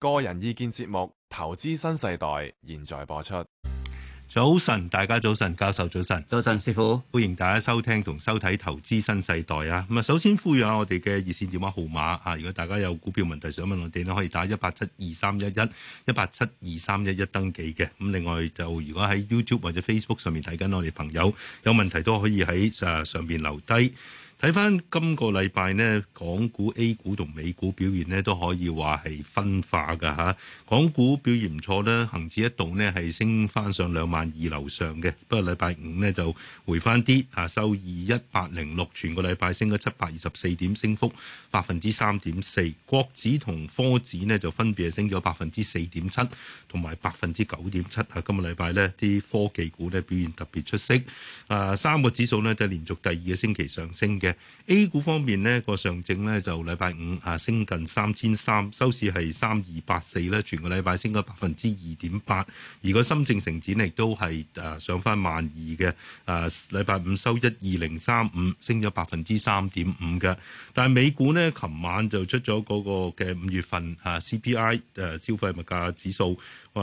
個人意見節目《投資新世代》現在播出。早晨，大家早晨，教授早晨，早晨師傅，歡迎大家收聽同收睇《投資新世代》啊！咁啊，首先呼籲下我哋嘅熱線電話號碼啊！如果大家有股票問題想問我哋呢，可以打一八七二三一一一八七二三一一登記嘅。咁另外就如果喺 YouTube 或者 Facebook 上面睇緊我哋朋友有問題都可以喺誒上邊留低。睇翻今個禮拜呢，港股、A 股同美股表現呢都可以話係分化嘅嚇。港股表現唔錯咧，恒指一度呢係升翻上兩萬二樓上嘅，不過禮拜五呢就回翻啲啊，收二一八零六，全個禮拜升咗七百二十四點，升幅百分之三點四。國指同科指呢就分別係升咗百分之四點七同埋百分之九點七啊。今個禮拜呢啲科技股呢表現特別出色，啊三個指數呢就係連續第二個星期上升嘅。A 股方面呢個上證呢，就禮拜五啊升近三千三，收市係三二八四咧，全個禮拜升咗百分之二點八。而個深證成指亦都係誒上翻萬二嘅，誒禮拜五收一二零三五，升咗百分之三點五嘅。但係美股呢，琴晚就出咗嗰個嘅五月份啊 CPI 誒消費物價指數，話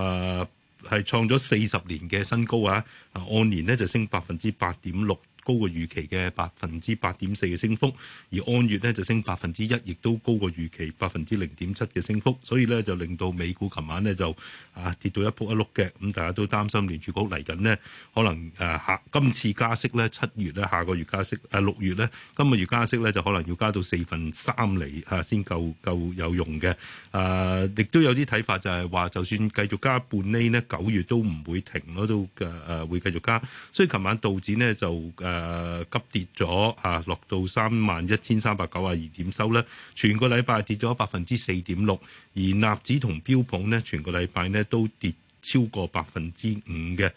係創咗四十年嘅新高啊！按年呢就升百分之八點六。高過預期嘅百分之八點四嘅升幅，而按月咧就升百分之一，亦都高過預期百分之零點七嘅升幅，所以咧就令到美股琴晚咧就啊跌到一仆一碌嘅，咁、嗯、大家都擔心聯儲局嚟緊呢，可能啊下今次加息咧，七月咧下個月加息啊，六月咧今個月加息咧就可能要加到四分三厘嚇先、啊、夠夠有用嘅，啊亦都有啲睇法就係、是、話就算繼續加半釐呢，九月都唔會停咯，都嘅誒、啊、會繼續加，所以琴晚道指呢，就誒。啊誒，急跌咗吓、啊，落到三萬一千三百九十二點收咧。全個禮拜跌咗百分之四點六，而納指同標普咧，全個禮拜咧都跌超過百分之五嘅。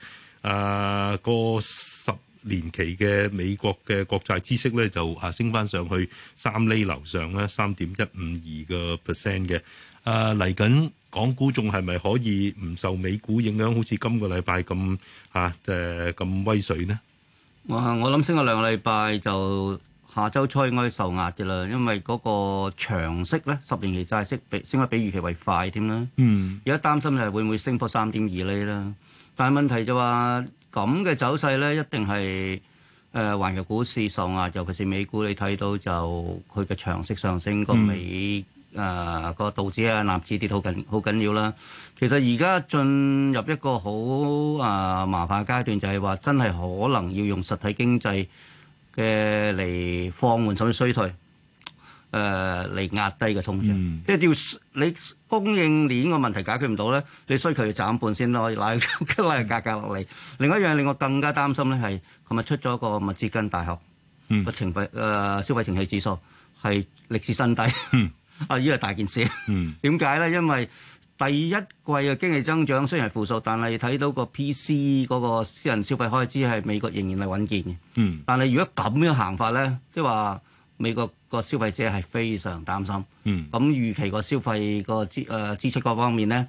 啊，個十年期嘅美國嘅國債孳息咧，就啊升翻上去三厘樓上咧，三點一五二個 percent 嘅。啊，嚟緊港股仲係咪可以唔受美股影響？好似今個禮拜咁吓，誒、啊、咁、呃、威水呢。我我諗升咗兩個禮拜，就下周初應該受壓嘅啦，因為嗰個長息咧，十年期債息比升得比預期為快添啦。嗯，而家擔心咧會唔會升幅三點二厘啦？但係問題就話咁嘅走勢咧，一定係誒、呃、環球股市受壓，尤其是美股，你睇到就佢嘅長息上升，嗯、個美。誒個道指啊、納指跌得好緊，好緊要啦。其實而家進入一個好啊麻煩嘅階段，就係話真係可能要用實體經濟嘅嚟放緩甚至衰退誒嚟壓低嘅通脹。即係要你供應鏈個問題解決唔到咧，你需求要斬半先咯，嗱嚟壓價落嚟。另一樣令我更加擔心咧係，琴日出咗個密歇根大學個情費誒消費情氣指數係歷史新低。啊！呢個大件事，點解咧？因為第一季嘅經濟增長雖然係負數，但係睇到個 PC 嗰個私人消費開支係美國仍然係穩健嘅。嗯、但係如果咁樣行法咧，即係話美國個消費者係非常擔心。咁預、嗯、期個消費個、呃、支誒支出嗰方面咧，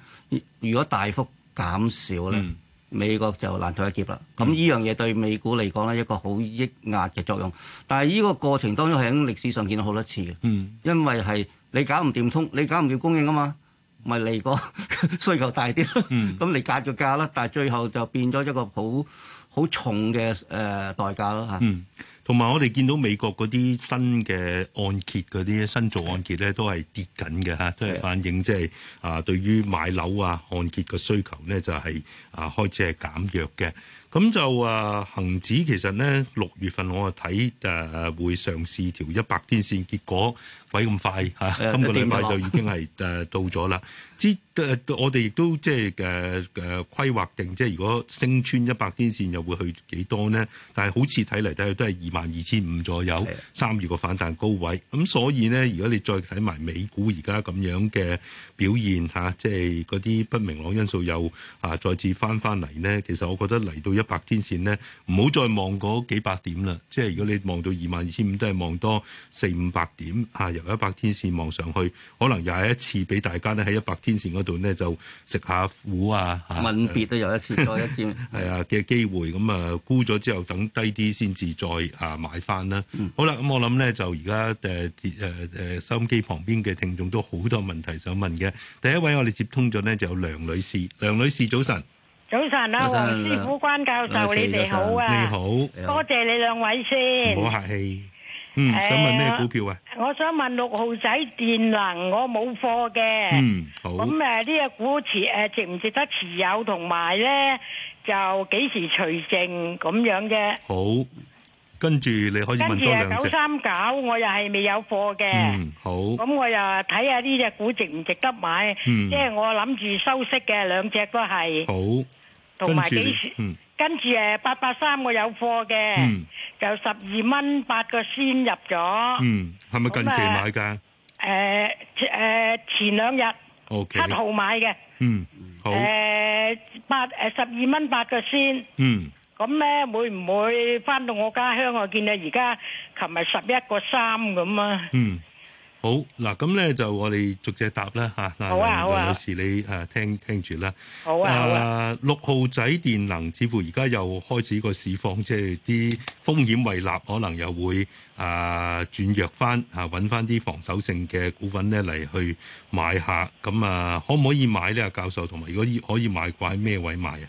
如果大幅減少咧，嗯、美國就難逃一劫啦。咁呢樣嘢對美股嚟講咧，一個好抑壓嘅作用。但係呢個過程當中係喺歷史上見到好多次嘅，因為係。你搞唔掂通，你搞唔掂供應啊嘛，咪嚟個需求大啲，咯、嗯。咁你格個價啦。但係最後就變咗一個好好重嘅誒代價咯嚇。呃、嗯，同埋我哋見到美國嗰啲新嘅按揭嗰啲新造按揭咧，都係跌緊嘅嚇，都係反映即、就、係、是、啊，對於買樓啊按揭嘅需求咧就係、是、啊開始係減弱嘅。咁就啊恆指其實咧六月份我就啊睇誒會上試條一百天線，結果。鬼咁快嚇！啊、今個禮拜就已經係誒到咗啦。即誒我哋亦都即係誒誒規劃定，即係如果升穿一百天線又會去幾多呢？但係好似睇嚟睇去都係二萬二千五左右，的三月個反彈高位。咁、啊、所以呢，如果你再睇埋美股而家咁樣嘅表現嚇、啊，即係嗰啲不明朗因素又啊再次翻翻嚟呢，其實我覺得嚟到一百天線呢，唔好再望嗰幾百點啦。即係如果你望到二萬二千五，都係望多四五百點嚇。500，啊啊一百天線望上去，可能又係一次俾大家咧喺一百天線嗰度呢，就食下苦啊！問別都有一次，再 一次，係啊嘅機會咁啊沽咗之後，等低啲先至再啊買翻啦。嗯、好啦，咁我諗咧就而家誒誒誒收音機旁邊嘅聽眾都好多問題想問嘅。第一位我哋接通咗呢，就有梁女士，梁女士早晨，早晨啊，黃安師傅娘、關教授，娘你哋好啊，你好，多謝你兩位先，唔好客氣。嗯，想問咩股票啊？我想問六號仔電能，我冇貨嘅。嗯，好。咁誒，呢隻股持誒值唔值得持有？同埋咧，就幾時除淨咁樣嘅？好，跟住你可以問多兩隻。跟住誒九三九，我又係未有貨嘅。嗯，好。咁我又睇下呢隻股值唔值得買？嗯。即係我諗住收息嘅，兩隻都係。好。同埋幾時跟住，嗯。跟住誒八八三，我有貨嘅。嗯。有十二蚊八個先入咗，嗯，係咪近期買噶？誒誒、嗯，前兩日 ok 七號買嘅，嗯，好，誒八誒十二蚊八個先，嗯，咁咧會唔會翻到我家鄉？我見你而家琴日十一個三咁啊，嗯。好嗱，咁咧就我哋逐隻答啦嚇。嗱，梁女士你誒聽聽住啦。好啊。誒六號仔電能，似乎而家又開始個市況，即係啲風險胃納，可能又會誒、呃、轉弱翻嚇，揾翻啲防守性嘅股份咧嚟去買下。咁、呃、啊，可唔可以買呢？阿教授同埋，以如果可以買，掛喺咩位買啊？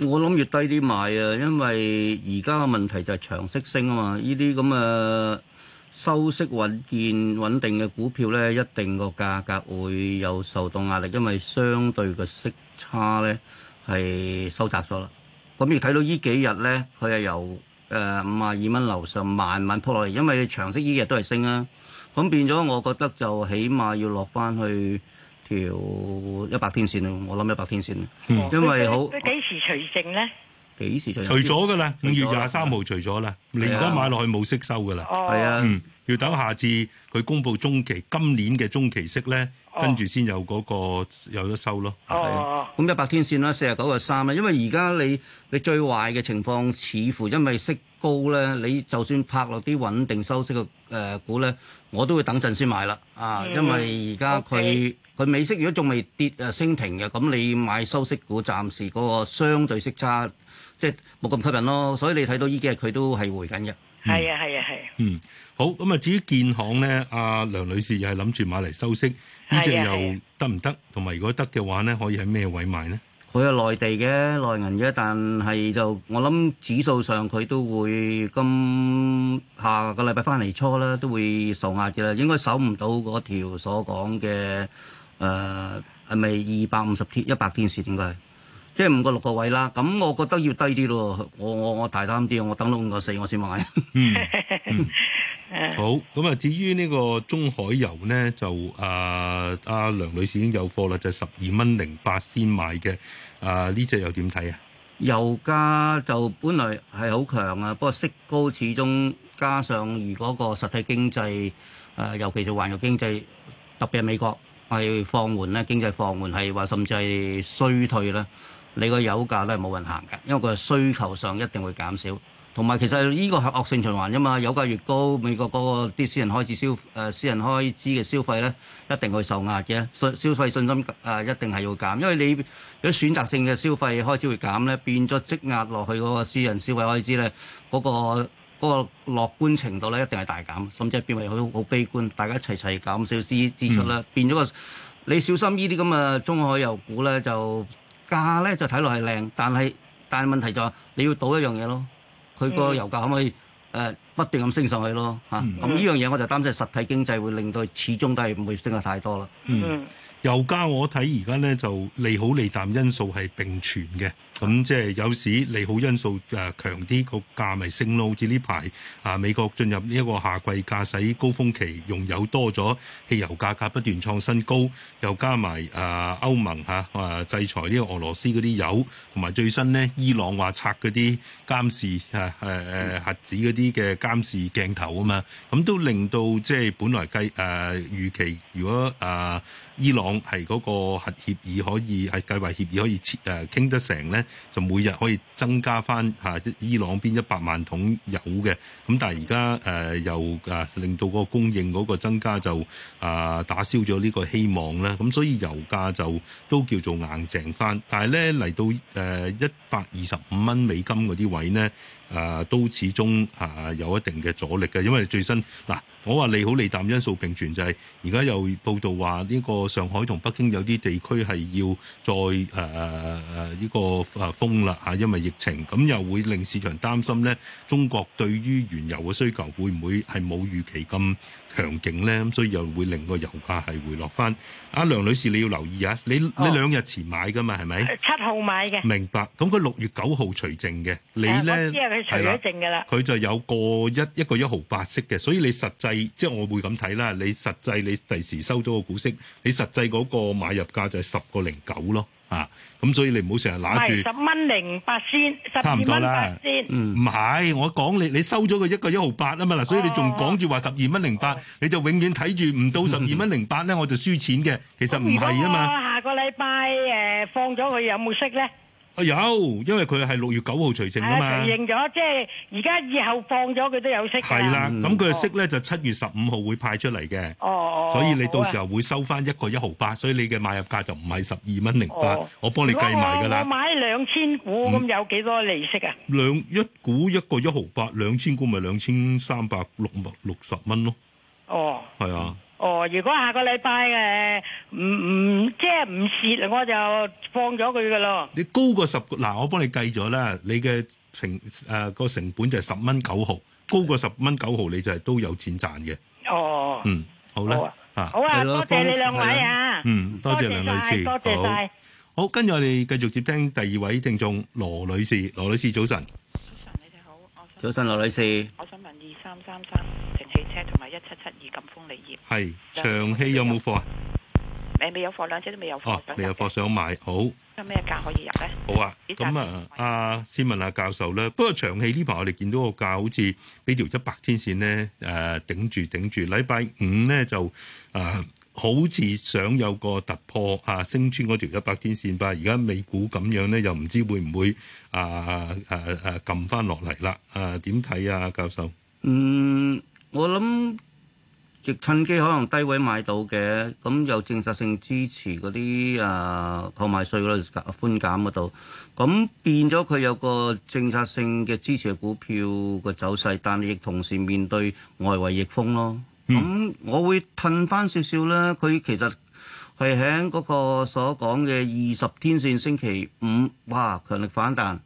我諗越低啲買啊，因為而家嘅問題就係長息升啊嘛，呢啲咁啊。收息穩健穩定嘅股票咧，一定個價格會有受到壓力，因為相對嘅息差咧係收窄咗啦。咁而睇到依幾日咧，佢係由誒五十二蚊樓上慢慢撲落嚟，因為長息依幾日都係升啊。咁變咗，我覺得就起碼要落翻去條一百天線咯。我諗一百天線。天線，嗯、因為好。幾時除剩咧？時除咗噶啦，五月廿三號除咗啦，的你而家買落去冇息收噶啦，係啊的、嗯，要等下次佢公布中期今年嘅中期息咧，哦、跟住先有嗰個有得收咯。咁一百天線啦，四廿九個三四十九個三啦因為而家你你最壞嘅情況似乎因為息高咧，你就算拍落啲穩定收息嘅誒股咧，我都會等陣先買啦。啊，嗯、因為而家佢佢美息如果仲未跌誒升停嘅，咁你買收息股，暫時嗰個相對息差。即係冇咁吸引咯，所以你睇到呢幾日佢都係回緊嘅。係啊，係啊，係。嗯，好咁啊，至於建行咧，阿梁女士又係諗住買嚟收息，呢隻又得唔得？同埋如果得嘅話咧，可以喺咩位買咧？佢係內地嘅內銀嘅，但係就我諗指數上佢都會今下個禮拜翻嚟初啦，都會受壓嘅啦。應該守唔到嗰條所講嘅誒係咪二百五十天一百天線應該？即係五個六個位啦，咁我覺得要低啲咯。我我我大膽啲，我等到五個四我先買。 好咁啊。至於呢個中海油呢，就啊阿、呃、梁女士已經有貨啦，就十二蚊零八先買嘅。啊呢隻又點睇啊？油價就本來係好強啊，不過息高始終加上，如果個實體經濟誒、呃，尤其是環球經濟，特別係美國係放緩咧，經濟放緩係話甚至係衰退啦。你個油價都係冇運行嘅，因為佢嘅需求上一定會減少，同埋其實呢個係惡性循環啫嘛。油價越高，美國嗰個啲私人開始消誒私人開支嘅消費咧，一定會受壓嘅，信消費信心誒一定係要減，因為你有選擇性嘅消費開始會減咧，變咗積壓落去嗰個私人消費開支咧，嗰個嗰個樂觀程度咧一定係大減，甚至係變為好好悲觀，大家一齊齊減少支支出啦，嗯、變咗個你小心呢啲咁嘅中海油股咧就價咧就睇落係靚，但係但係問題就係、是、你要賭一樣嘢咯，佢個油價可唔可以誒、呃、不斷咁升上去咯吓？咁呢、嗯、樣嘢我就擔心實體經濟會令到始終都係唔會升得太多啦。嗯，油價我睇而家咧就利好利淡因素係並存嘅。咁即係有時利好因素誒強啲，個價咪升咯。好似呢排啊，美國進入呢一個夏季駕駛高峰期，用油多咗，汽油價格不斷創新高，又加埋誒歐盟吓誒制裁呢個俄羅斯嗰啲油，同埋最新咧，伊朗話拆嗰啲監視誒誒誒核子嗰啲嘅監視鏡頭啊嘛，咁都令到即係本來計誒預期，如果誒伊朗係嗰個核協議可以係計劃協議可以誒傾、啊、得成咧。就每日可以增加翻吓伊朗邊一百萬桶油嘅，咁但係而家誒又誒、呃、令到個供應嗰個增加就啊、呃、打消咗呢個希望啦。咁所以油價就都叫做硬淨翻。但係咧嚟到誒一百二十五蚊美金嗰啲位呢。誒、啊、都始終誒、啊、有一定嘅阻力嘅，因為最新嗱，我話利好利淡因素並存，就是，就係而家又報道話呢、呢個上海同北京有啲地區係要再誒誒誒呢個封啦嚇，因為疫情，咁又會令市場擔心呢中國對於原油嘅需求會唔會係冇預期咁強勁咧，所以又會令個油價係回落翻。阿、啊、梁女士，你要留意啊！你、哦、你兩日前買噶嘛，係咪？七號買嘅。明白，咁佢六月九號除淨嘅，你咧即係佢除咗淨㗎啦，佢、啊、就有個一一個一毫八息嘅，所以你實際即係我會咁睇啦。你實際你第時收到個股息，你實際嗰個買入價就係十個零九咯。啊，咁所以你唔好成日攬住，十蚊零八先，差唔多啦先，唔係、嗯、我講你，你收咗佢一個一毫八啊嘛嗱，所以你仲講住話十二蚊零八，哦、你就永遠睇住唔到十二蚊零八咧，嗯、我就輸錢嘅，其實唔係啊嘛。如果下個禮拜誒放咗佢，有冇息咧？啊，有，因為佢係六月九號除剩噶嘛，係承認咗，即係而家以後放咗佢都有息嘅。係啦，咁佢嘅息咧就七月十五號會派出嚟嘅。哦哦，所以你到時候會收翻一個一毫八，所以你嘅買入價就唔係十二蚊零八，我幫你計埋噶啦。如果我買兩千股咁，有幾多利息啊？兩一股一個一毫八，兩千股咪兩千三百六十蚊咯。哦，係啊。哦，如果下個禮拜誒。唔唔，即係唔蝕，我就放咗佢噶咯。你高過十嗱，我幫你計咗啦。你嘅成誒個成本就係十蚊九毫，高過十蚊九毫，你就係都有錢賺嘅。哦，嗯，好啦，好啊，好啊，多謝你兩位啊。嗯，多謝梁女士，多謝晒。好，跟住我哋繼續接聽第二位聽眾羅女士。羅女士，早晨。早晨，你哋好。早晨，羅女士。我想問二三三三長汽車同埋一七七二贛鋒鋰業係長汽有冇貨啊？誒，未有貨，兩隻都未有貨。哦，未有貨想買，好。有咩價可以入咧？好啊，咁啊，啊先問下教授啦。不過長期呢排我哋見到個價好似俾條一百天線咧誒頂住頂住。禮拜五咧就誒好似想有個突破啊，升穿嗰條一百天線吧。而家美股咁樣咧，又唔知會唔會啊啊啊撳翻落嚟啦？啊，點睇啊，教授？嗯，我諗。亦趁機可能低位買到嘅，咁有政策性支持嗰啲啊購買稅嗰度寬減嗰度，咁變咗佢有個政策性嘅支持股票嘅走勢，但係亦同時面對外圍逆風咯。咁、嗯、我會褪翻少少啦。佢其實係喺嗰個所講嘅二十天線星期五，哇強力反彈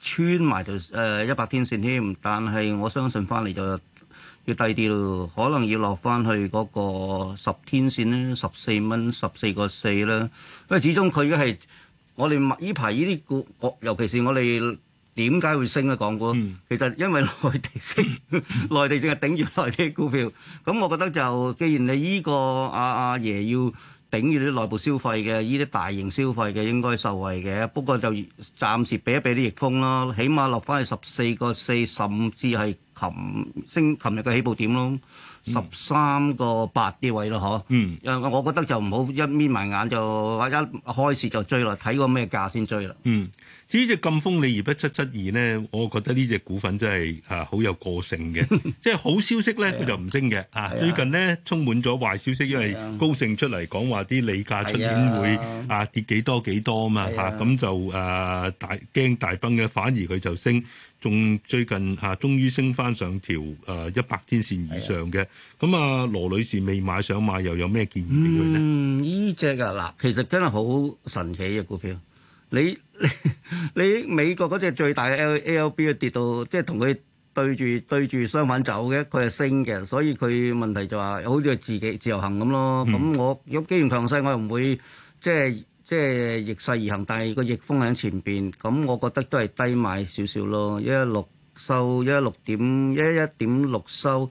穿埋條誒一百天線添，但係我相信翻嚟就。要低啲咯，可能要落翻去嗰個十天線咧，十四蚊、十四個四啦。因為始終佢而家係我哋呢排呢啲股，尤其是我哋點解會升啊？港股、嗯、其實因為內地升， 內地淨係頂住內地股票。咁我覺得就，既然你呢、呢個阿阿、啊啊、爺要。頂住啲內部消費嘅，呢啲大型消費嘅應該受惠嘅，不過就暫時俾一俾啲逆風咯，起碼落翻去十四個四甚至係琴星琴日嘅起步點咯。十三個八啲位咯，嗬。嗯。我覺得就唔好一瞇埋眼就一開始就追啦，睇個咩價先追啦。嗯。至於隻贛鋒鋰業一七七二呢，我覺得呢隻股份真係嚇好有個性嘅。 即係好消息咧，佢就唔升嘅。啊，啊最近呢，充滿咗壞消息，因為高盛出嚟講話啲鋰價出年會跌多少多少啊，跌幾多幾多啊嘛嚇。咁就誒大驚大崩嘅，反而佢就升。仲最近嚇，終於升翻上條誒一百天線以上嘅。咁啊，羅女士未買想買，又有咩建議俾佢呢？嗯，呢隻㗎嗱，其實真係好神奇嘅股票。你你你美國嗰隻最大嘅 ALB 啊，跌到即係同佢對住對住相反走嘅，佢係升嘅，所以佢問題就話好似係自己自由行咁咯。咁、嗯、我如果既然強勢，我又唔會即係。即係逆勢而行，但係個逆風喺前邊，咁我覺得都係低買少少咯，一六收一六點一一點六收，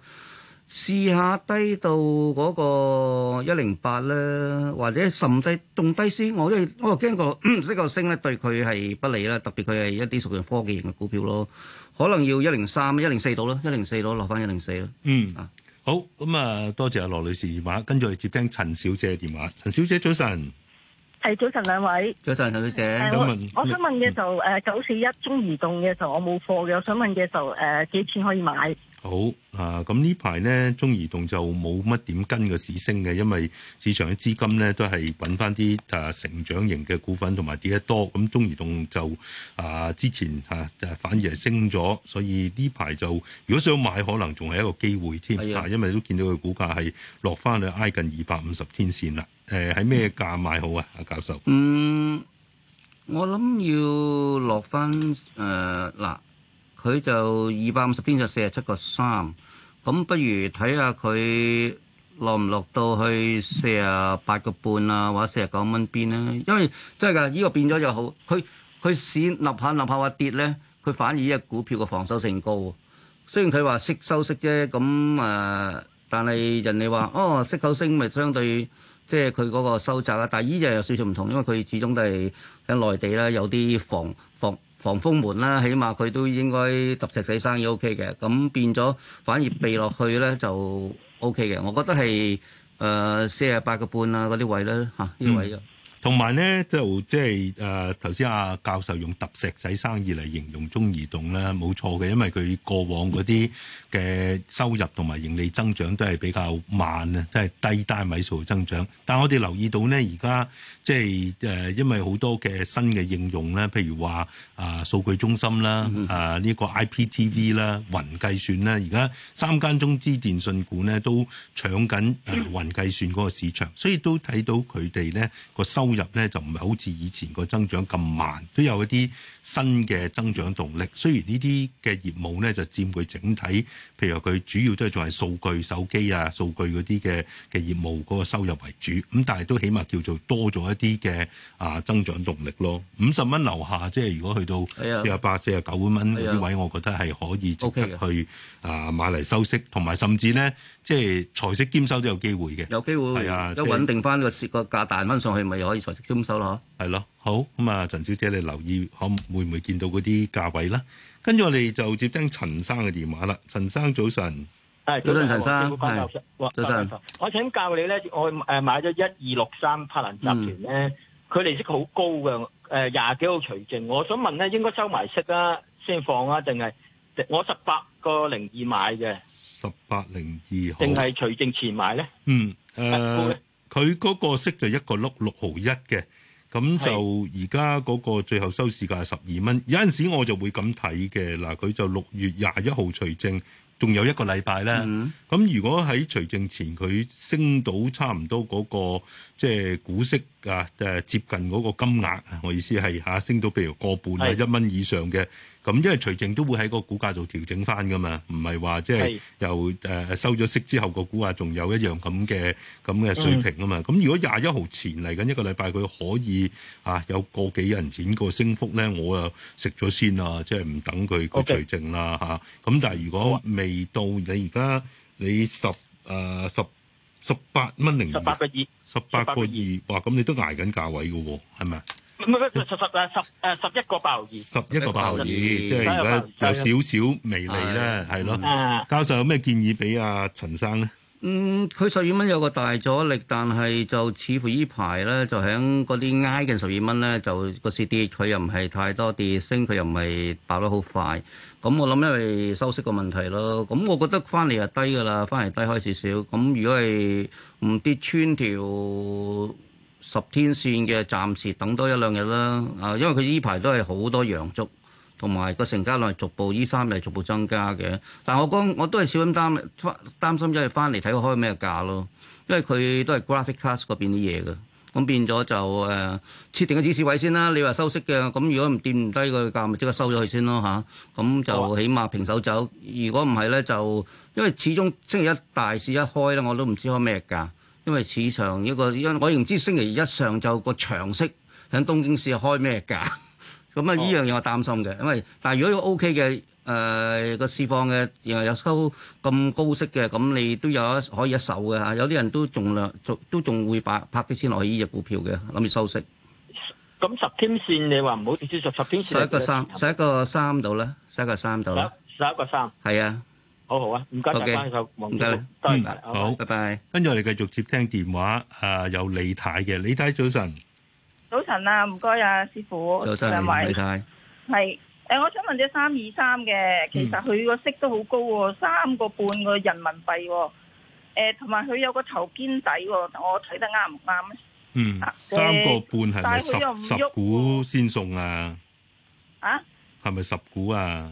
試下低到嗰個一零八咧，或者甚至仲低先。我因為我驚、那個息、 這個升咧對佢係不利啦，特別佢係一啲屬於科技型嘅股票咯，可能要一零三、一零四度咯，一零四度落翻一零四咯。嗯，好，咁啊，多謝阿羅女士電話，跟住接聽陳小姐嘅電話。陳小姐早晨。係，早晨兩位，早晨小姐，我想問嘅就誒九四一中移動嘅就我冇貨嘅，我想問嘅就誒幾錢可以買？好啊！咁呢排呢，中移動就冇乜點跟個市升嘅，因為市場嘅資金呢都係揾翻啲啊成長型嘅股份同埋跌得多。咁、嗯、中移動就啊之前就、啊、反而係升咗，所以呢排就如果想買，可能仲係一個機會添的啊！因為都見到佢股價係落翻去挨近二百五十天線啦。誒、啊，喺咩價買好啊？阿教授，嗯，我諗要落翻誒嗱。呃佢就二百五十邊就四十七個三，咁不如睇下佢落唔落到去四啊八個半啊，或者四啊九蚊邊咧？因為真係㗎，依、依個變咗就好，佢佢市立下立下話跌咧，佢反而依股票嘅防守性高喎。雖然佢話息收息啫，咁誒、呃，但係人哋話哦息口升咪相對即係佢嗰個收窄啊，但係依隻有少少唔同，因為佢始終都係喺內地啦，有啲防防。防風門啦，起碼佢都應該揼石死生意 OK 嘅，咁變咗反而避落去呢就 OK 嘅。我覺得係四十八個半啊嗰啲位啦呢、啊嗯、位同埋咧，就即係誒頭先阿教授用揼石仔生意嚟形容中移動咧，冇錯嘅，因為佢過往啲嘅收入同埋盈利增長都係比較慢啊，都係低單位數增長，但係我哋留意到咧，而家即係誒因為好多嘅新嘅應用咧，譬如話啊數據中心啦、啊、呃、呢、這個 IPTV 啦、雲計算啦，而家三間中資電信股咧都搶緊誒雲計算個市場，所以都睇到佢哋咧個收。收入咧就唔係好似以前個增長咁慢，都有一啲新嘅增長動力。雖然呢啲嘅業務咧就佔佢整體，譬如話佢主要都係仲係數據手機啊、數據嗰啲嘅嘅業務嗰個收入為主，咁但係都起碼叫做多咗一啲嘅啊增長動力咯。五十蚊樓下，即係如果去到四啊八、四啊九蚊嗰啲位，的我覺得係可以值得去啊買嚟收息，同埋的甚至咧即係財息兼收都有機會嘅。有機會，係一穩定翻個個價彈翻上去咪可以。財值收唔收落？係咯，好，咁啊，陳、嗯、小姐，你留意可會唔會見到嗰啲價位啦？跟住我哋就接聽陳生嘅電話啦。陳生早晨，早晨陳生，早晨。啊、早我請教你咧，我誒買咗一二六三柏蘭集團咧，佢、嗯、利息好高嘅，誒廿幾號除淨。我想問咧，應該收埋息啊，先放啊，定係我十八個零二買嘅，十八零二號，定係除淨前買咧？嗯，誒、呃。佢嗰個息就一個碌六毫一嘅，咁就而家嗰個最後收市價係十二蚊。有陣時我就會咁睇嘅，嗱，佢就六月廿一號除證，仲有一個禮拜咧。咁、嗯、如果喺除證前佢升到差唔多嗰、嗰個即係、就是、股息啊，即、啊、接近嗰個金額，我意思係嚇、啊、升到譬如個半啊是一蚊以上嘅。咁因為除淨都會喺個股價度調整翻噶嘛，唔係話即係又誒收咗息之後個股價仲有一樣咁嘅咁嘅水平啊嘛。咁、嗯、如果廿一號前嚟緊一個禮拜佢可以嚇、啊、有個幾銀錢個升幅咧，我啊食咗先啦，即係唔等佢個除淨啦嚇。咁 Okay.、啊、但係如果未到你而家你十誒十十八蚊零十八個二，十八個二，哇！咁你都挨緊價位嘅喎，係咪？十十誒十一個八毫二，十一個八毫二，即係而家有少少微利咧，係咯。教授有咩建議俾阿陳生咧？嗯，佢十二蚊有個大阻力，但係就似乎依排咧就喺嗰啲挨近十二蚊咧，就個 C D H 佢又唔係太多跌，升佢又唔係爆得好快。咁我諗因為收息個問題咯。咁我覺得翻嚟就低㗎啦，翻嚟低開始少。咁如果係唔跌穿條。十天線嘅，暫時等多一兩日啦。啊，因為佢依排都係好多陽燭，同埋個成交量逐步依三日逐步增加嘅。但係我剛我都係小心擔心，擔，擔心咗翻嚟睇開咩價咯。因為佢都係 graphic cards 嗰邊啲嘢嘅，咁變咗就誒設、呃、定個指示位先啦。你話收息嘅，咁如果唔掂唔低個價，咪即刻收咗佢先咯吓，咁、啊、就起碼平手走。如果唔係咧，就因為始終星期一大市一開咧，我都唔知開咩價。因為市場一個，我亦唔知星期一上晝個長息喺東京市開咩價，咁啊呢樣嘢我擔心嘅。因為但係如果 OK 嘅誒個市況嘅然後有收咁高息嘅，咁你都有可以一手嘅嚇。有啲人都仲兩，仲都仲會拍拍啲錢落去呢隻股票嘅，諗住收息。咁十天線你話唔好意思，十十天線。十一個三，十一個三度啦，十一個三度啦。十一個三。係啊。好好啊，唔該晒，黃主任，多謝，好，拜拜。跟住我哋繼續接聽電話，誒，有李太嘅，李太早晨，早晨啊，唔該啊，師傅，早晨，李太，係誒，我想問隻三二三嘅，其實佢個息都好高喎，三個半個人民幣，誒，同埋佢有個頭肩底喎，我睇得啱唔啱咧？嗯，三個半係咪十十股先送啊？啊？係咪十股啊？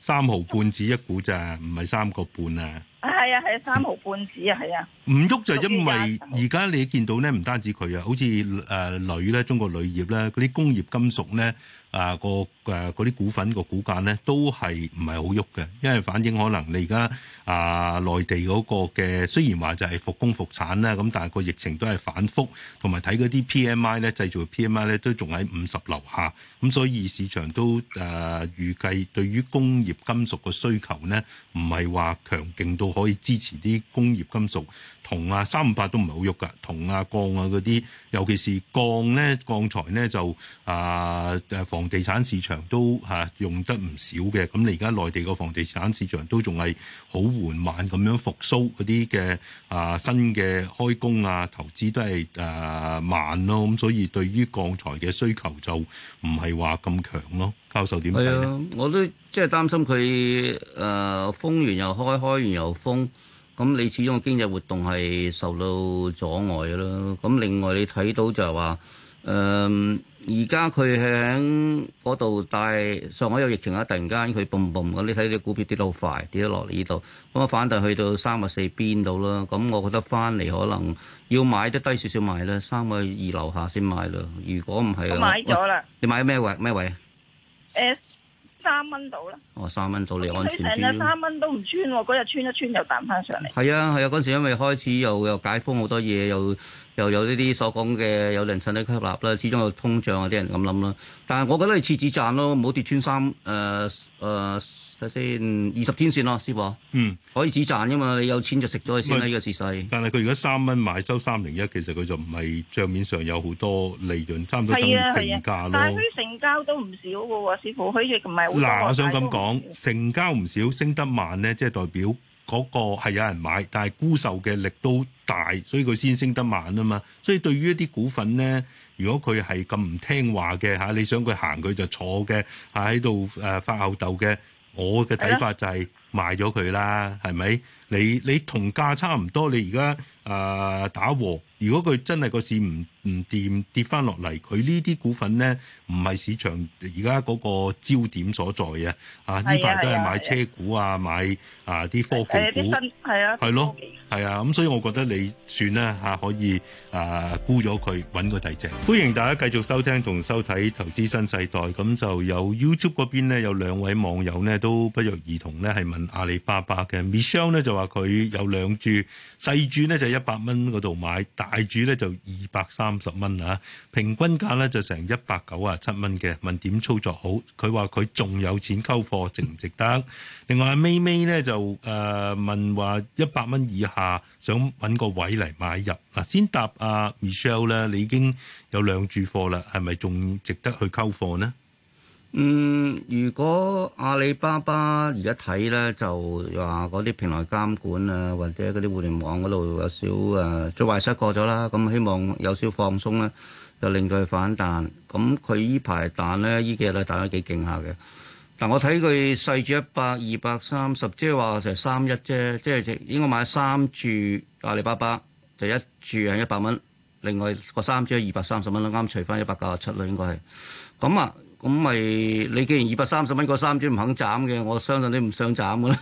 三毫半紙一股咋，唔係三個半啊！係啊，係啊，三毫半紙啊，係啊，唔喐就因為而家你見到咧，唔單止佢啊，好似誒鋁咧，中國鋁業咧，嗰啲工業金屬咧，啊個誒嗰啲股份個股價咧，都係唔係好喐嘅，因為反映可能你而家啊內地嗰個嘅雖然話就係復工復產啦，咁但係個疫情都係反覆，同埋睇嗰啲 PMI 咧製造 PMI 咧都仲喺五十樓下，咁所以市場都誒、啊、預計對於工業金屬嘅需求咧，唔係話強勁到可以。支持啲工業金屬，銅啊三五八都唔係好喐㗎，銅啊鋼啊嗰啲，尤其是鋼咧鋼材咧就啊誒房地產市場都嚇、啊、用得唔少嘅，咁你而家內地個房地產市場都仲係好緩慢咁樣復甦，嗰啲嘅啊新嘅開工啊投資都係誒、啊、慢咯，咁所以對於鋼材嘅需求就唔係話咁強咯。教授點睇？我都即係擔心佢誒、呃、封完又開，開完又封，咁你始終嘅經濟活動係受到阻礙咯。咁另外你睇到就係話誒，而家佢喺嗰度，但係上海有疫情啦，突然間佢蹦蹦咁，你睇啲股票跌得好快，跌咗落嚟呢度咁啊，反彈去到三百四邊度啦。咁我覺得翻嚟可能要買得低少少買,買,買啦，三百二樓下先買啦。如果唔係啊，買咗啦，你買咩位咩位？誒、欸，三蚊到啦。哦，三蚊到你安全啲。佢成日三蚊都唔穿喎、啊，嗰日穿一穿又彈翻上嚟。係啊係啊，嗰、啊、時因為開始又又解封好多嘢，又又有呢啲所講嘅有零七啲吸納啦，始終有通脹啊啲人咁諗啦。但係我覺得你次次賺咯，唔好跌穿三誒誒。呃呃睇先，二十天線咯，師傅。嗯，可以止賺噶嘛？你有錢就食咗佢先啦，依是個時勢。但係佢如果三蚊買收三零一，其實佢就唔係帳面上有好多利潤，差唔多就、啊啊、平價咯。但係佢成交都唔少嘅喎，師傅，佢亦唔係好。嗱，我想咁講，成交唔少，升得慢咧，即、就、係、是、代表嗰個係有人買，但係沽售嘅力都大，所以佢先升得慢啊嘛。所以對於一啲股份咧，如果佢係咁唔聽話嘅嚇，啊，你想佢行佢就坐嘅嚇，喺度誒發吽竇嘅。我嘅睇法就係賣咗佢啦，係咪？你你同價差唔多，你而家誒打和。如果佢真係個市唔唔掂跌翻落嚟，佢呢啲股份咧唔係市場而家嗰個焦點所在嘅，啊呢排、啊、都係買車股啊，啊買啊啲、啊、科技股，係啊，係咯，係啊，咁、啊、所以我覺得你算啦，嚇可以啊沽咗佢揾個底值。歡迎大家繼續收聽同收睇《投資新世代》，咁就有 YouTube 嗰邊咧有兩位網友咧都不約而同咧係問阿里巴巴嘅，m i c h Michelle 咧就話佢有兩注細注咧就一百蚊嗰度買大主咧就二百三十蚊啊，平均價咧就成一百九啊七蚊嘅。問點操作好？佢話佢仲有錢溝貨，值唔值得？ 另外阿咪咪咧就誒問話一百蚊以下想揾個位嚟買入嗱，先答阿 Michelle 啦，你已經有兩注貨啦，係咪仲值得去溝貨呢？嗯，如果阿里巴巴而家睇咧，就話嗰啲平台監管啊，或者嗰啲互聯網嗰度有少誒做壞失過咗啦，咁、嗯、希望有少放鬆咧，就令到佢反彈。咁佢依排彈咧，依幾日咧彈得幾勁下嘅。但我睇佢細注一百二百三十，即係話成三一啫，即係應該買三注阿里巴巴就一注係一百蚊，另外個三注係二百三十蚊啦，啱除翻一百九十七啦，應該係咁啊。咁咪你既然二百三十蚊個三轉唔肯斬嘅，我相信你唔想斬嘅啦，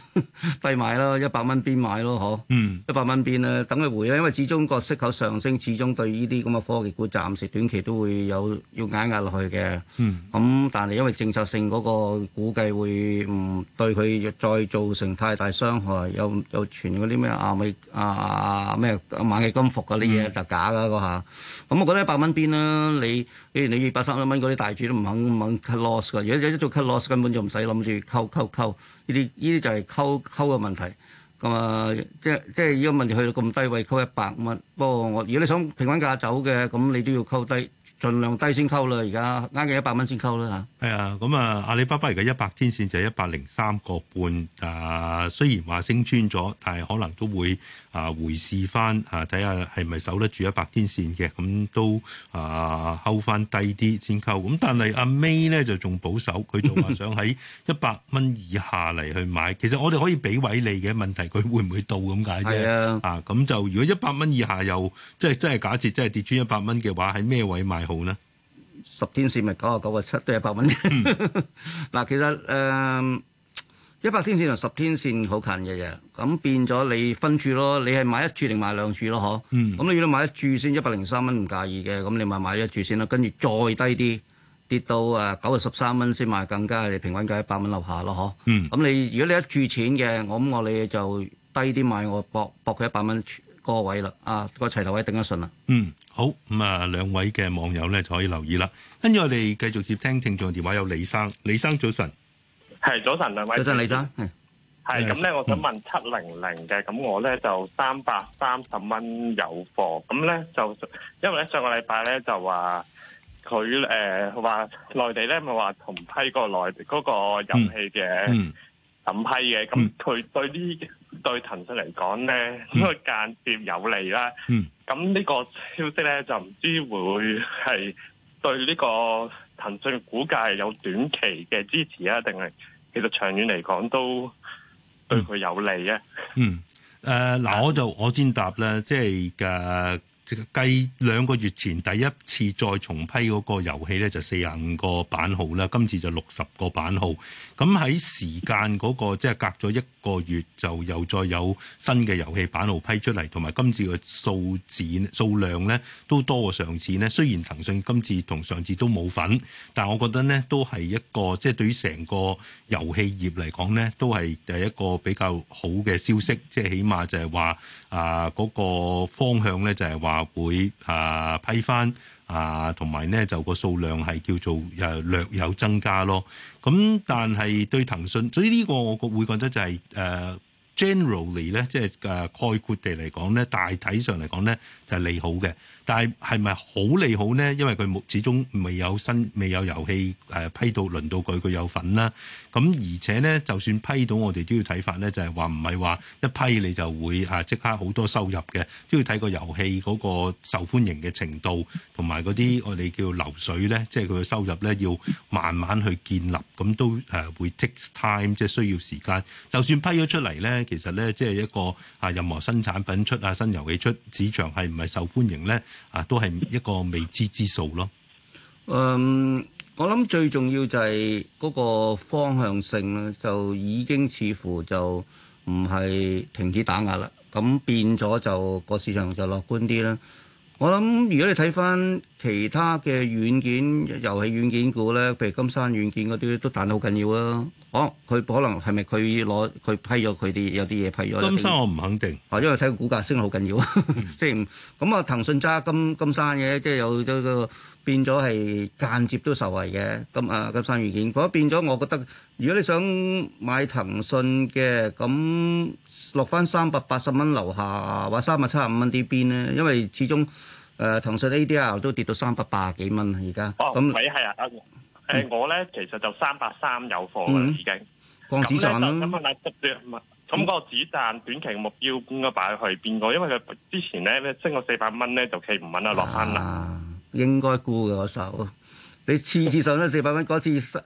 低買啦，一百蚊邊買咯，嗬？一百蚊邊咧，等佢回咧，因為始終個息口上升，始終對呢啲咁嘅科技股暫時短期都會有要硬壓落去嘅。咁但係因為政策性嗰個估計會唔對佢再造成太大傷害，又又傳嗰啲咩亞美啊咩萬億金服嗰啲嘢特假啦嗰下。咁我覺得一百蚊邊啦，你誒你二百三十蚊嗰啲大轉都唔肯。loss 㗎，如果一做 cut loss，根本就唔使諗住溝溝溝。呢啲，呢啲就係溝溝嘅問題。咁啊，即即係呢個問題去到咁低位溝一百蚊。不過我如果你想平均價走嘅，咁你都要溝低，儘量低先溝啦。而家啱嘅一百蚊先溝啦嚇。係啊，咁、哎、啊，阿里巴巴而家一百天線就係一百零三個半。啊，雖然話升穿咗，但係可能都會。啊，回視翻啊，睇下係咪守得住一百天線嘅，咁、嗯、都啊，睺翻低啲先溝。咁但係阿 May 咧就仲保守，佢仲話想喺一百蚊以下嚟去買。 其實我哋可以俾位你嘅問題，佢會唔會到咁解啫？啊，咁、啊、就如果一百蚊以下又即係真係假設真係跌穿一百蚊嘅話，喺咩位買好呢？十天線咪九啊九個七都係一百蚊。啫。嗱，其實誒。呃一百天線同十天線好近嘅嘢，咁變咗你分注咯，你係買一注定買兩注咯，嗬、嗯？咁你如果買一注先一百零三蚊唔介意嘅，咁你咪買一注先咯，跟住再低啲跌到啊九十三蚊先買，更加係你平均價一百蚊樓下咯，嗬、嗯？咁你如果你一注錢嘅，我咁我哋就低啲買，我博博佢一百蚊個位啦，啊個齊頭位頂一順啦。嗯，好咁啊，兩位嘅網友咧就可以留意啦。跟住我哋繼續接聽聽眾電話，有李生，李生早晨。係早晨，兩位早晨，李生。係咁咧，我想問七零零嘅咁，我咧就三百三十蚊有貨。咁咧就因為咧上個禮拜咧就話佢誒話內地咧咪話同批過內地嗰個遊戲嘅審批嘅，咁佢對呢對騰訊嚟講咧，因為間、呃嗯嗯、接有利啦。咁呢、嗯、個消息咧就唔知會係對呢個騰訊股價有短期嘅支持啊，定係？其實長遠嚟講都對佢有利嘅、嗯。嗯，誒，嗱，我就我先答啦。即係嘅，即、啊、計兩個月前第一次再重批嗰個遊戲咧，就四十五個版號啦，今次就六十個版號。咁喺時間嗰、嗰個即係隔咗一個月就又再有新嘅遊戲版號批出嚟，同埋今次嘅數字數量咧都多過上次咧。雖然騰訊今次同上次都冇份，但係我覺得呢都係一個即係、就係、對於成個遊戲業嚟講呢都係誒一個比較好嘅消息，即係起碼就係話啊嗰個方向呢，就係話會啊批翻。啊，同埋咧就個數量係叫做誒、呃、略有增加咯，咁但係對騰訊，所以呢個我個會覺得就係、是、誒。呃 Generally 咧，即係誒概括地嚟講咧，大體上嚟講咧就係利好嘅。但係係咪好利好咧？因為佢冇始終未有新未有遊戲誒批到輪到佢佢有份啦。咁、啊、而且咧，就算批到我哋都要睇法咧，就係話唔係話一批你就會嚇即刻好多收入嘅，都要睇個遊戲嗰個受歡迎嘅程度，同埋嗰啲我哋叫流水咧，即係佢嘅收入咧，要慢慢去建立，咁都誒會 takes time，即係需要時間。就算批咗出嚟咧。其實咧，即係一個啊，任何新產品出啊，新遊戲出，市場係唔係受歡迎咧？啊，都係一個未知之數咯。嗯，我諗最重要就係嗰個方向性啦，就已經似乎就唔係停止打壓啦，咁變咗就個市場就樂觀啲啦。我諗，如果你睇翻其他嘅軟件遊戲軟件股咧，譬如金山軟件嗰啲都彈得好緊要啊！哦，佢可能係咪佢攞佢批咗佢啲有啲嘢批咗？金山我唔肯定，啊，因為睇個股價升得好緊要。即係咁啊，騰訊揸金金山嘅，即係有咗個變咗係間接都受惠嘅。咁啊，金山軟件，如果變咗，我覺得如果你想買騰訊嘅咁。落翻三百八十蚊樓下，或三百七十五蚊啲邊咧？因為始終誒騰訊 ADR 都跌到三百八十幾蚊啦，而家咁係啊，誒我咧其實就三百三有貨啦，已經。光子彈啦。咁嗰個子彈短期目標應該擺去邊個？因為佢之前咧升過四百蚊咧，就企唔穩啦，落翻啦。應該沽嘅嗰手。你次次上咗四百蚊，嗰次三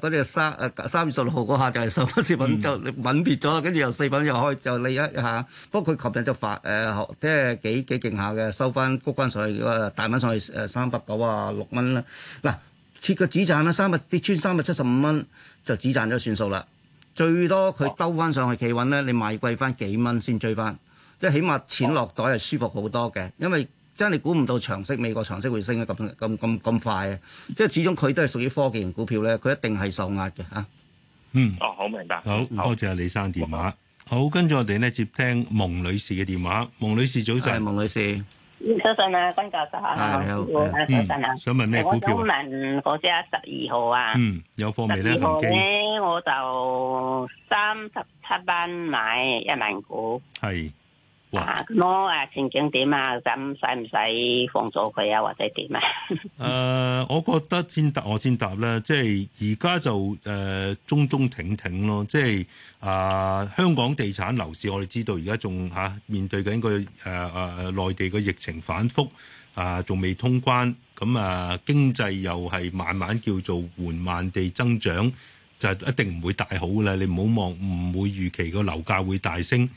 誒只三誒三月十六號嗰下就係收翻四百蚊，嗯、就你吻別咗，跟住又四百蚊又開，就你一下。不過佢琴日就發誒，即係幾幾勁下嘅，收翻谷翻上去，大蚊上去誒三百九啊六蚊啦。嗱，設個止賺啦，三百跌穿三百七十五蚊就止賺咗算數啦。最多佢兜翻上去企穩咧，啊、你賣貴翻幾蚊先追翻，即係起碼錢落袋係舒服好多嘅，因為。因為真係估唔到長息美國長息會升得咁咁咁咁快啊！即係始終佢都係屬於科技型股票咧，佢一定係受壓嘅嚇。嗯。哦，好明白。好多謝阿李生電話。好，跟住我哋咧接聽蒙女士嘅電話。蒙女士早晨。蒙女士。早晨啊，君教授嚇。你好。早晨啊。想問咩股票？我想問嗰隻十二號啊。嗯，有貨未咧？十二號咧，我就三十七班買一萬股。係。啊咯，誒哇，前景點啊？咁使唔使放咗佢啊？或者點啊？誒，我覺得先答我先答啦。即係而家就誒、呃、中中挺挺咯，即係啊、呃、香港地產樓市，我哋知道而家仲吓面對緊個誒誒內地個疫情反復啊，仲、呃、未通關，咁、呃、啊經濟又係慢慢叫做緩慢地增長，就係、一定唔會大好啦。你唔好望唔會預期個樓價會大升。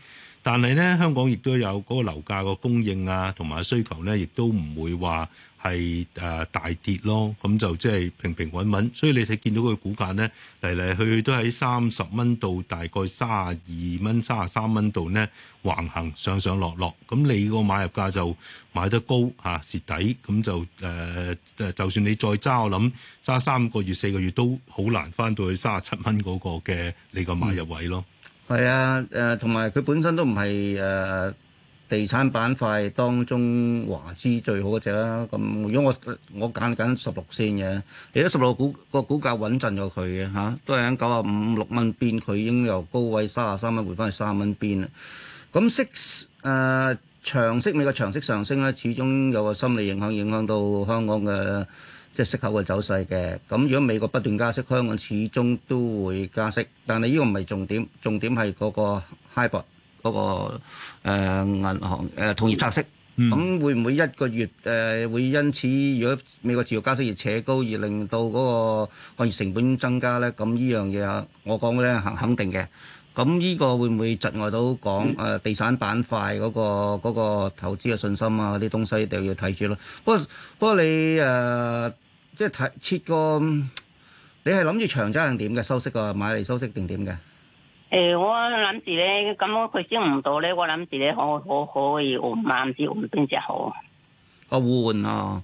但係咧，香港亦都有嗰個樓價個供應啊，同埋需求咧，亦都唔會話係誒大跌咯。咁就即係平平穩穩。所以你睇見到佢股價咧，嚟嚟去去都喺三十蚊到大概三十二蚊、三十三蚊度咧，橫行上上落落。咁你個買入價就買得高吓蝕、啊、底，咁就誒誒、呃，就算你再揸，我諗揸三個月、四個月都好難翻到去三十七蚊嗰個嘅你個買入位咯。嗯係啊，誒同埋佢本身都唔係誒地產板塊當中華資最好嗰隻啦。咁如果我我揀揀十六先嘅，而家十六股個股價穩陣咗佢嘅嚇，都係響九十五六蚊邊，佢已經由高位三十三蚊回翻去三蚊邊啦。咁息誒長息，美國長息上升咧，始終有個心理影響，影響到香港嘅。即係息口嘅走勢嘅，咁如果美國不斷加息，香港始終都會加息，但係呢個唔係重點，重點係嗰個 HIBOR 嗰個、呃、銀行誒、呃、同業拆息，咁、嗯、會唔會一個月誒、呃、會因此如果美國持續加息而扯高，而令到嗰個行業成本增加咧，咁呢樣嘢我講咧肯肯定嘅。咁呢個會唔會窒礙到講誒地產板塊嗰個投資嘅信心啊？啲東西一定要睇住咯。不過，不過你誒、呃、即係睇設個，你係諗住長洲係點嘅？收息啊，買嚟收息定點嘅？誒、欸，我諗住咧，咁我佢升唔到咧，我諗住咧可可可以換、啊，慢啲、啊？換邊隻好？啊換啊！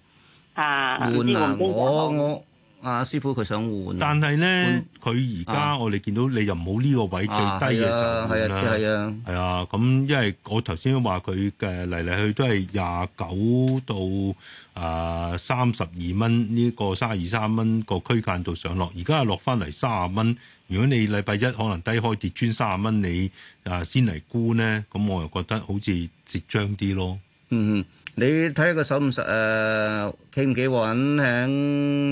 啊換啊！我、啊、我。阿、啊、師傅佢想換，但係咧佢而家我哋見到你又冇呢個位最低嘅時候，係啊，係啊，係啊，咁、啊啊啊、因為我頭先都話佢嘅嚟嚟去都係廿九到啊三十二蚊呢個卅二三蚊個區間度上落，而家又落翻嚟卅蚊。如果你禮拜一可能低開跌穿卅蚊，你啊先嚟沽呢，咁我又覺得好似折張啲咯。嗯嗯。你睇下個手唔實誒，企唔企穩喺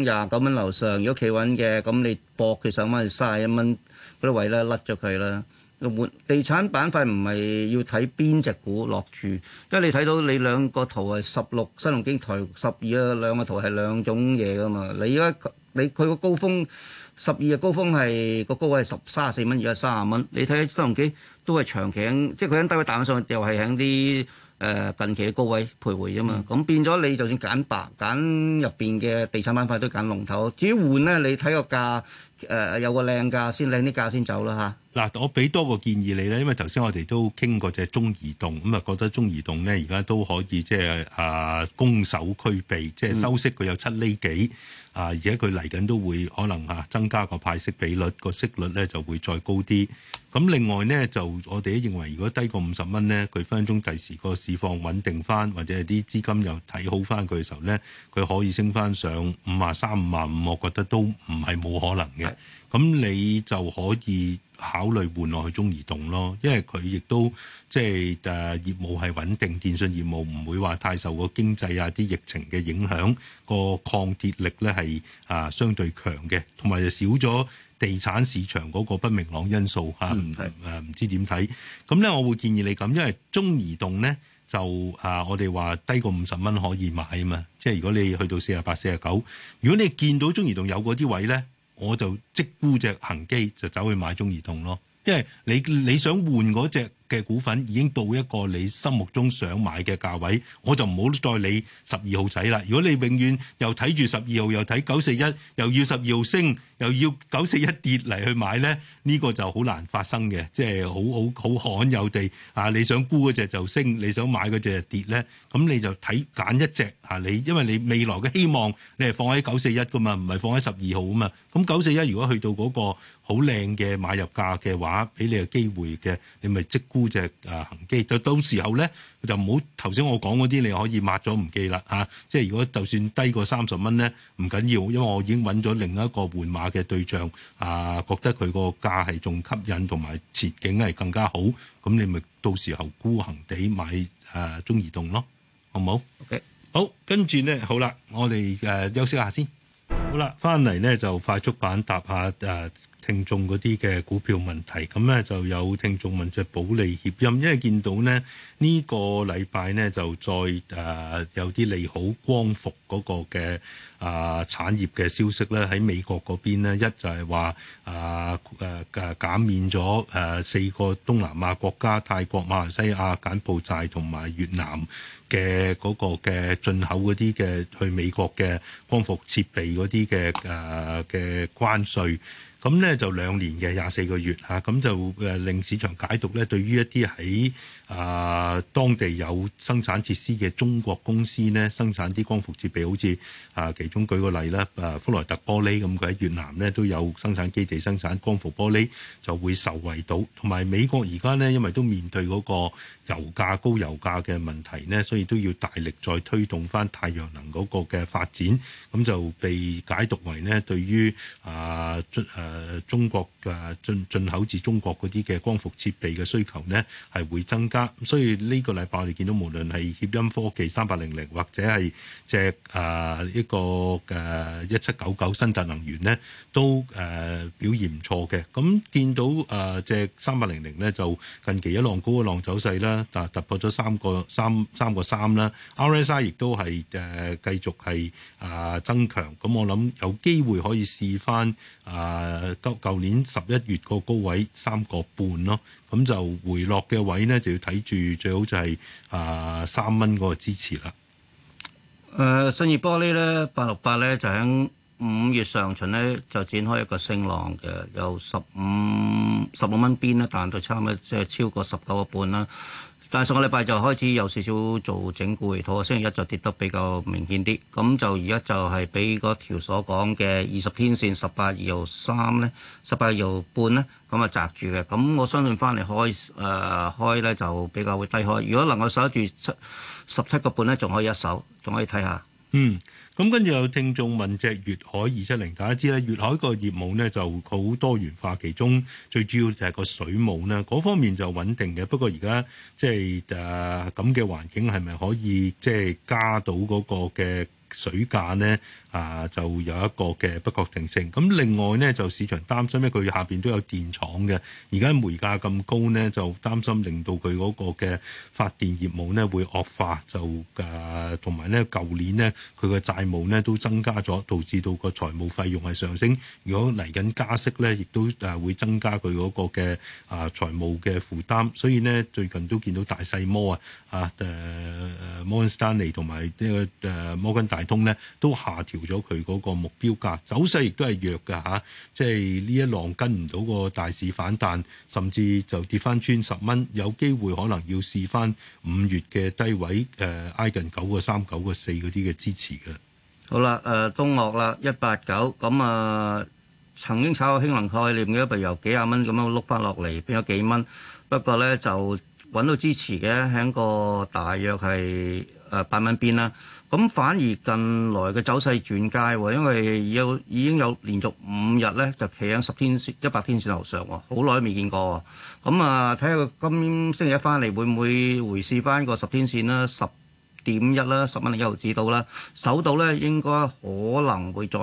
廿九蚊樓上。如果企穩嘅，咁你博佢上返去卅一蚊嗰啲位咧，甩咗佢啦。換地產板塊唔係要睇邊隻股落住，因為你睇到你兩個圖係十六新龍基台十二啊兩個圖係兩種嘢噶嘛。你而家你佢個高峰十二日高峰係個高位十卅四蚊，而家卅蚊。10，你睇下新龍基都係長期喺，即係佢喺低位彈上又，又係喺啲。誒近期嘅高位徘徊啫嘛，咁、嗯、變咗你就算揀白揀入邊嘅地產板塊都揀龍頭，至於換咧你睇個價。誒、呃、有個靚價先，靚啲價先走啦嚇。嗱，我俾多個建議你咧，因為頭先我哋都傾過隻中移動，咁啊覺得中移動咧而家都可以即係啊攻守俱備，即係收息佢有七厘幾啊、呃，而且佢嚟緊都會可能啊增加個派息比率，個息率咧就會再高啲。咁另外呢，就我哋認為，如果低過五十蚊呢，佢分分鐘第時個市況穩定翻，或者係啲資金又睇好翻佢嘅時候呢，佢可以升翻上五十三、五十五，我覺得都唔係冇可能嘅。咁你就可以考慮換落去中移動咯，因為佢亦都即係誒業務係穩定，電信業務唔會話太受個經濟啊啲疫情嘅影響，個抗跌力咧係啊相對強嘅，同埋就少咗地產市場嗰個不明朗因素嚇，嗯、啊唔知點睇？咁咧，我會建議你咁，因為中移動呢，就啊我哋話低過五十蚊可以買啊嘛，即係如果你去到四十八、四十九，如果你見到中移動有嗰啲位呢。我就即沽隻行機就走去買中移動咯，因為你你想換嗰隻。嘅股份已經到一個你心目中想買嘅價位，我就唔好再理十二號仔啦。如果你永遠又睇住十二號，又睇九四一，又要十二號升，又要九四一跌嚟去買咧，呢個就好難發生嘅。即係好好好罕有地啊！你想沽嗰隻就升，你想買嗰隻跌咧，咁你就睇揀一隻吓你，因為你未來嘅希望你係放喺九四一噶嘛，唔係放喺十二號啊嘛。咁九四一如果去到嗰個好靚嘅買入價嘅話，俾你嘅機會嘅，你咪即沽。隻啊恒基，就到時候咧，就唔好頭先我講嗰啲，你可以抹咗唔記啦吓。即係如果就算低過三十蚊咧，唔緊要，因為我已經揾咗另一個換馬嘅對象啊，覺得佢個價係仲吸引，同埋前景係更加好，咁你咪到時候沽行地買啊中移動咯，好唔好？OK，好，跟住咧，好啦，我哋誒、啊、休息下先，好啦，翻嚟咧就快速版搭下誒。啊聽眾嗰啲嘅股票問題，咁咧就有聽眾問就保利協鑫，因為見到咧呢、呢個禮拜呢，就再誒、呃、有啲利好光伏嗰個嘅啊、呃、產業嘅消息咧，喺美國嗰邊咧，一就係話啊誒誒減免咗誒、呃、四個東南亞國家泰國、馬來西亞、柬埔寨同埋越南嘅嗰個嘅進口嗰啲嘅去美國嘅光伏設備嗰啲嘅誒嘅關稅。咁咧就兩年嘅廿四個月嚇，咁、啊、就誒令市場解讀咧，對於一啲喺。啊，當地有生產設施嘅中國公司咧，生產啲光伏設備好似啊，其中舉個例啦，誒、啊、福萊特玻璃咁，佢喺越南咧都有生產基地生產光伏玻璃，就會受惠到。同埋美國而家咧，因為都面對嗰個油價高、油價嘅問題咧，所以都要大力再推動翻太陽能嗰個嘅發展，咁、嗯、就被解讀為咧，對於啊誒、啊、中國嘅進進口至中國嗰啲嘅光伏設備嘅需求咧，係會增加。所以呢個禮拜我哋見到無論係協鑫科技三百零零，或者係隻啊一個誒一七九九新特能源咧，都誒表現唔錯嘅。咁見到誒隻三百零零咧，就近期一浪高一浪走勢啦，達突破咗三個三三個三啦。RSI 亦都係誒繼續係啊增強。咁我諗有機會可以試翻啊舊年十一月個高位三個半咯。咁就回落嘅位呢，就要睇住，最好就係啊三蚊嗰個支持啦。誒、呃、信義玻璃呢，八六八呢，就喺五月上旬呢，就展開一個升浪嘅，有十五十五蚊邊咧，彈到差唔多即係超過十九個半啦。但上個禮拜就開始有少少做整固回吐，星期一就跌得比較明顯啲。咁就而家就係俾嗰條所講嘅二十天線十八又三呢，十八又半咧，咁啊擲住嘅。咁我相信翻嚟開誒、呃、開咧就比較會低開。如果能夠守住七十七個半呢，仲可以一守，仲可以睇下。嗯，咁跟住有聽眾問隻粵海二七零，大家知啦，粵海個業務咧就好多元化，其中最主要就係個水務咧，嗰方面就穩定嘅。不過而家即係誒咁嘅環境，係咪可以即係加到嗰個嘅水價咧？啊，就有一個嘅不確定性。咁另外咧，就市場擔心咧，佢下邊都有電廠嘅。而家煤價咁高咧，就擔心令到佢嗰個嘅發電業務咧會惡化。就誒同埋咧，舊、啊、年咧佢嘅債務咧都增加咗，導致到個財務費用係上升。如果嚟緊加息咧，亦都誒、啊、會增加佢嗰個嘅啊財務嘅負擔。所以咧，最近都見到大細摩啊啊，誒摩根士丹利同埋呢個誒摩根大通咧都下調。咗佢嗰個目標價，走勢亦都係弱嘅吓、啊，即係呢一浪跟唔到個大市反彈，甚至就跌翻穿十蚊，有機會可能要試翻五月嘅低位，誒、呃、挨近九個三、九個四嗰啲嘅支持嘅。好啦，誒東樂啦，一八九，咁啊、呃、曾經炒過興雲概念嘅，記得由幾十蚊咁樣碌翻落嚟，變咗幾蚊？不過咧就揾到支持嘅，喺個大約係誒八蚊邊啦。咁反而近來嘅走勢轉佳喎，因為已經有連續五日咧就企喺十天線、一百天線樓上喎，好耐都未見過。咁啊，睇下今星期一翻嚟會唔會回試翻個十天線啦，十點一啦，十蚊零一毫指導啦，守到咧應該可能會再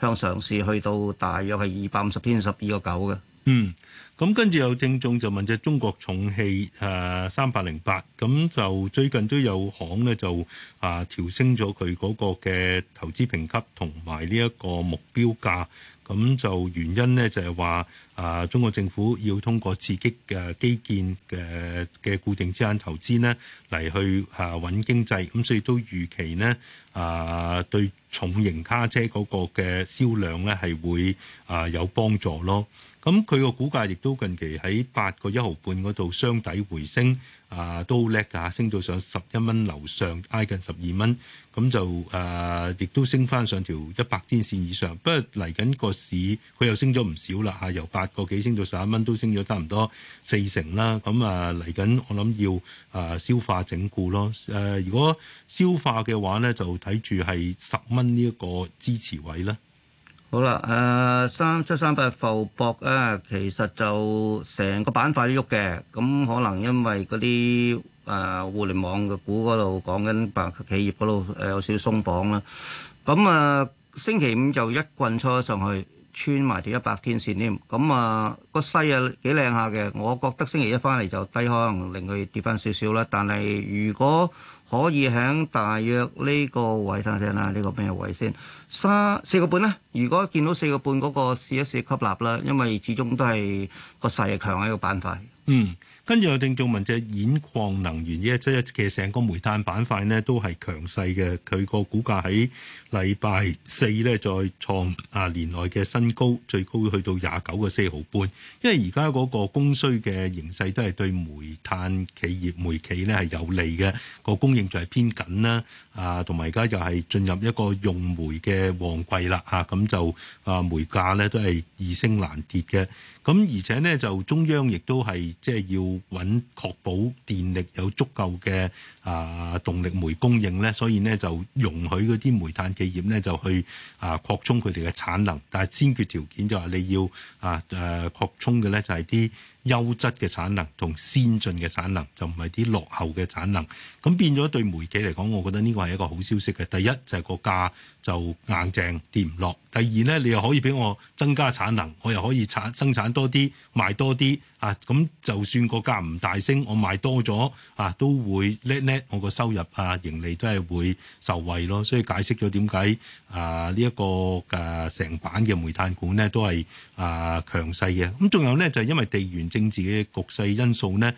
向上試去到大約係二百五十天十二個九嘅。嗯，咁跟住有聽眾就問隻中國重汽誒三百零八，咁、呃、就最近都有行咧就啊調升咗佢嗰個嘅投資評級同埋呢一個目標價，咁就原因呢，就係話啊中國政府要通過刺激嘅基建嘅嘅固定資產投資呢嚟去啊穩經濟，咁所以都預期呢，啊、呃、對重型卡車嗰個嘅銷量呢，係會啊有幫助咯。咁佢個股價亦都近期喺八個一毫半嗰度雙底回升，啊都好叻㗎，升到上十一蚊樓上，挨近十二蚊，咁就誒、啊、亦都升翻上條一百天線以上。不過嚟緊個市佢又升咗唔少啦，嚇、啊、由八個幾升到十一蚊，都升咗差唔多四成啦。咁啊嚟緊我諗要啊消化整固咯。誒、啊，如果消化嘅話咧，就睇住係十蚊呢一個支持位啦。好啦，誒、呃、三七三八浮薄啊，其實就成個板塊都喐嘅，咁、嗯、可能因為嗰啲誒互聯網嘅股嗰度講緊百企業嗰度誒有少少鬆綁啦，咁、嗯、啊星期五就一棍衝咗上去，穿埋條一百天線添，咁、嗯、啊個勢啊幾靚下嘅，我覺得星期一翻嚟就低可能令佢跌翻少少啦，但係如果可以喺大約呢個位睇下先啦，呢個咩位先？三四個半咧，如果見到四個半嗰個試一試吸納啦，因為始終都係個勢強嘅一個板塊。嗯。跟住有正做文只，演礦能源呢？即係成個煤炭板塊呢都係強勢嘅。佢個股價喺禮拜四呢再創啊年內嘅新高，最高去到廿九個四毫半。因為而家嗰個供需嘅形勢都係對煤炭企業煤企呢係有利嘅，個供應就係偏緊啦。啊，同埋而家又係進入一個用煤嘅旺季啦。啊，咁就啊煤價呢都係易升難跌嘅。咁而且呢，就中央亦都係即係要。揾確保電力有足夠嘅啊、呃、動力煤供應咧，所以咧就容許嗰啲煤炭企業咧就去啊、呃、擴充佢哋嘅產能，但係先決條件就係你要啊誒、呃、擴充嘅咧就係啲優質嘅產能同先進嘅產能就唔係啲落後嘅產能，咁變咗對煤企嚟講，我覺得呢個係一個好消息嘅。第一就係、是、個價就硬淨跌唔落，第二呢你又可以俾我增加產能，我又可以產生產多啲賣多啲啊！咁就算個價唔大升，我賣多咗啊，都會叻叻我個收入啊盈利都係會受惠咯。所以解釋咗點解啊呢一、這個誒成、啊、版嘅煤炭股呢都係啊強勢嘅。咁、啊、仲有呢，就係、是、因為地緣政治嘅局勢因素呢，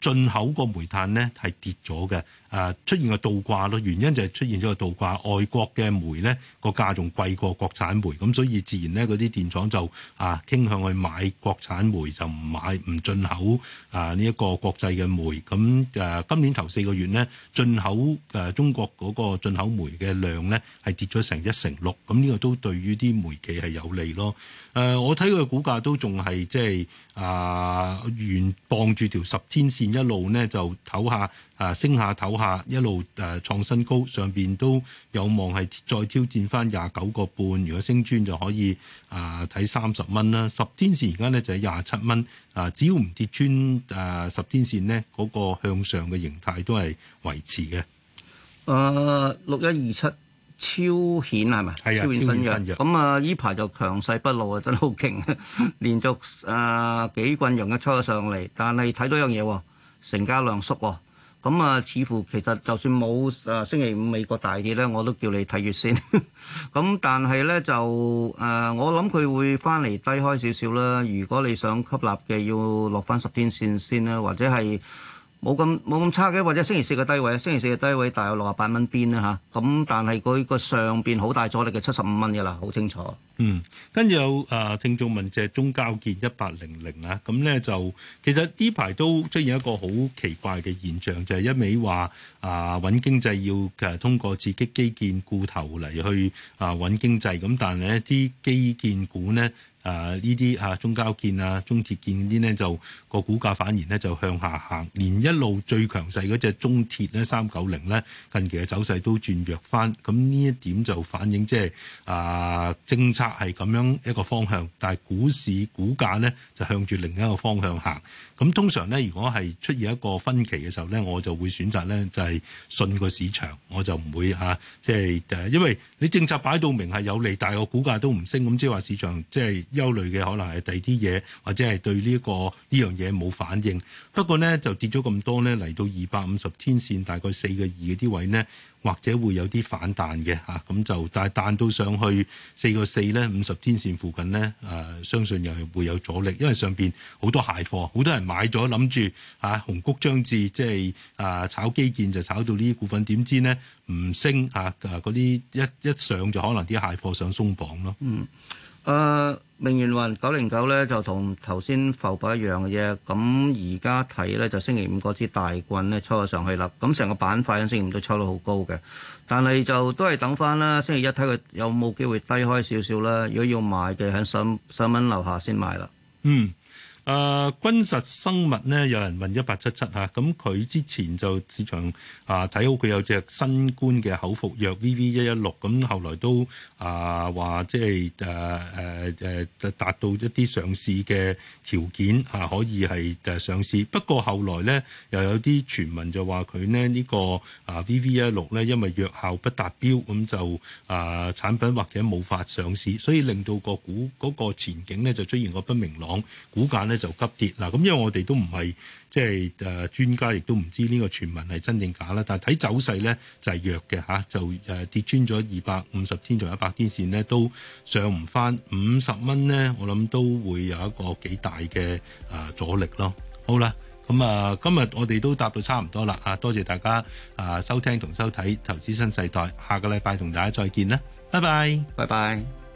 進口個煤炭咧係跌咗嘅，誒出現個倒掛咯，原因就係出現咗個倒掛，外國嘅煤咧個價仲貴過國產煤，咁所以自然咧嗰啲電廠就啊傾向去買國產煤，就唔買唔進口啊呢一個國際嘅煤。咁誒今年頭四個月咧，進口誒中國嗰個進口煤嘅量咧係跌咗成一成六，咁呢個都對於啲煤企係有利咯。誒，我睇佢股價都仲係即係啊原傍住條十天線。一路呢就唞下啊升下唞下，一路誒、啊、創新高，上邊都有望係再挑戰翻廿九個半。如果升穿就可以啊睇三十蚊啦。十天線而家呢就係廿七蚊啊，只要唔跌穿誒、啊、十天線呢，嗰、嗰個向上嘅形態都係維持嘅。誒六一二七超顯係咪？係啊，超顯新藥。咁啊，呢排就強勢不露 啊，真係好勁，連續啊幾棍陽嘅抽上嚟。但係睇到一樣嘢喎。成交量縮喎，咁啊，似乎其實就算冇誒、啊、星期五美國大跌咧，我都叫你睇月線。咁 但係咧就誒、呃，我諗佢會翻嚟低開少少啦。如果你想吸納嘅，要落翻十天線先啦，或者係。冇咁冇咁差嘅，或者星期四嘅低位，星期四嘅低位大約六啊八蚊邊啦嚇，咁但係佢個上邊好大阻力嘅七十五蚊嘅啦，好清楚。嗯，跟住有啊，聽眾問就係、是、中交建一八零零啦，咁咧就其實呢排都出現一個好奇怪嘅現象，就係、是、一味話啊揾經濟要嘅通過刺激基建固投嚟去啊揾經濟，咁但係呢啲基建股呢。啊！呢啲啊，中交建啊，中鐵建嗰啲呢，就個股價反而呢就向下行，連一路最強勢嗰隻中鐵咧三九零呢，近期嘅走勢都轉弱翻。咁呢一點就反映即係啊，政策係咁樣一個方向，但係股市股價呢就向住另一個方向行。咁通常呢，如果係出現一個分歧嘅時候呢，我就會選擇呢就係信個市場，我就唔會啊，即係誒，因為你政策擺到明係有利，但係個股價都唔升，咁即係話市場即係。即憂慮嘅可能係第二啲嘢，或者係對呢個呢樣嘢冇反應。不過呢，就跌咗咁多咧，嚟到二百五十天線大概四個二嘅啲位呢，或者會有啲反彈嘅吓，咁就但係彈到上去四個四呢，五十天線附近呢，誒，相信又係會有阻力，因為上邊好多蟹貨，好多人買咗諗住吓紅谷將至，即係誒炒基建就炒到呢啲股份，點知呢？唔升吓，嗰啲一一上就可能啲蟹貨上鬆綁咯。嗯。誒、呃、明源雲九零九咧就同頭先浮白一樣嘅嘢，咁而家睇咧就星期五嗰支大棍咧，抽咗上去啦。咁成個板塊喺星期五都抽到好高嘅，但係就都係等翻啦。星期一睇佢有冇機會低開少少啦。如果要買嘅喺三三蚊樓下先買啦。嗯。誒、呃，君實生物咧，有人問一八七七吓，咁、啊、佢之前就市場啊睇好佢有隻新冠嘅口服藥 V V 一一六，咁後來都啊話即係誒誒誒達到一啲上市嘅條件啊可以係誒上市。不過後來咧又有啲傳聞就話佢咧呢、這個啊 V V 一一六咧，因為藥效不達標，咁就啊產品或者冇法上市，所以令到個股嗰、那個前景咧就出現個不明朗，股價咧，就急跌啦，咁因為我哋都唔係即係誒專家，亦都唔知呢個傳聞係真定假啦。但係睇走勢呢，就係、是、弱嘅吓、啊，就誒跌穿咗二百五十天，仲有一百天線呢，都上唔翻五十蚊呢。我諗都會有一個幾大嘅誒、呃、阻力咯。好啦，咁、嗯、啊今日我哋都答到差唔多啦。啊，多謝大家啊收聽同收睇《投資新世代》，下個禮拜同大家再見啦，拜拜，拜拜。